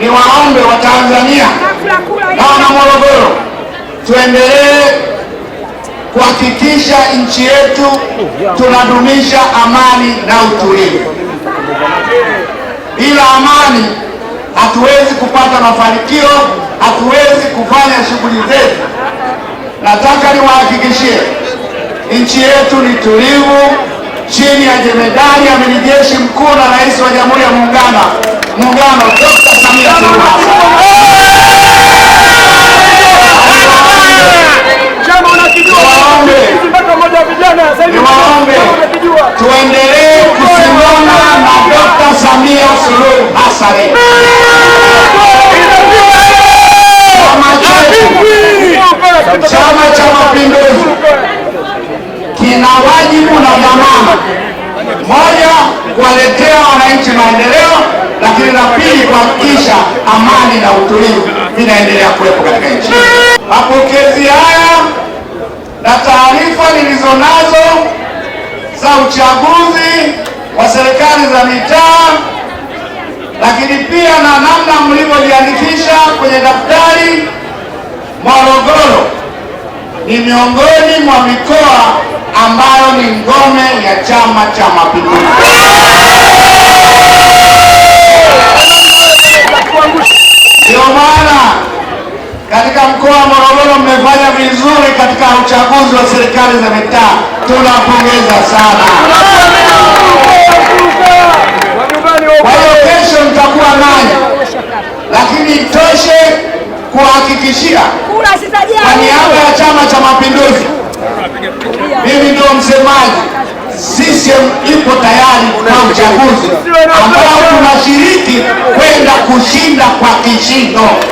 ni waombe wa Tanzania na wana Morogoro, tuendelee kuhakikisha nchi yetu tunadumisha amani na utulivu. Bila amani hatuwezi kupata mafanikio, hatuwezi kufanya shughuli zetu. Nataka niwahakikishie nchi yetu ni tulivu chini ya jemedari ya amiri jeshi mkuu na rais wa Jamhuri ya Muungano Muungano Dr. Samia Suluhu tuendelee kusimama na Dr. Samia Suluhu Hassan Chama cha Mapinduzi kina wajibu na dhamana moja, kuwaletea wananchi maendeleo lakini la pili kuhakikisha amani na utulivu vinaendelea kuwepo katika nchi. Mapokezi haya na taarifa nilizonazo za uchaguzi wa serikali za mitaa, lakini pia na namna mlivyojiandikisha kwenye daftari, Morogoro ni miongoni mwa mikoa ambayo ni ngome ya Chama cha Mapinduzi. mmefanya vizuri katika uchaguzi wa serikali za mitaa, tunapongeza sana. Kwa hiyo kesho mtakuwa nani, lakini toshe kuhakikishia kwa niaba ya Chama cha Mapinduzi, mimi ndio msemaji. CCM ipo tayari kwa uchaguzi ambao tunashiriki kwenda kushinda kwa kishindo.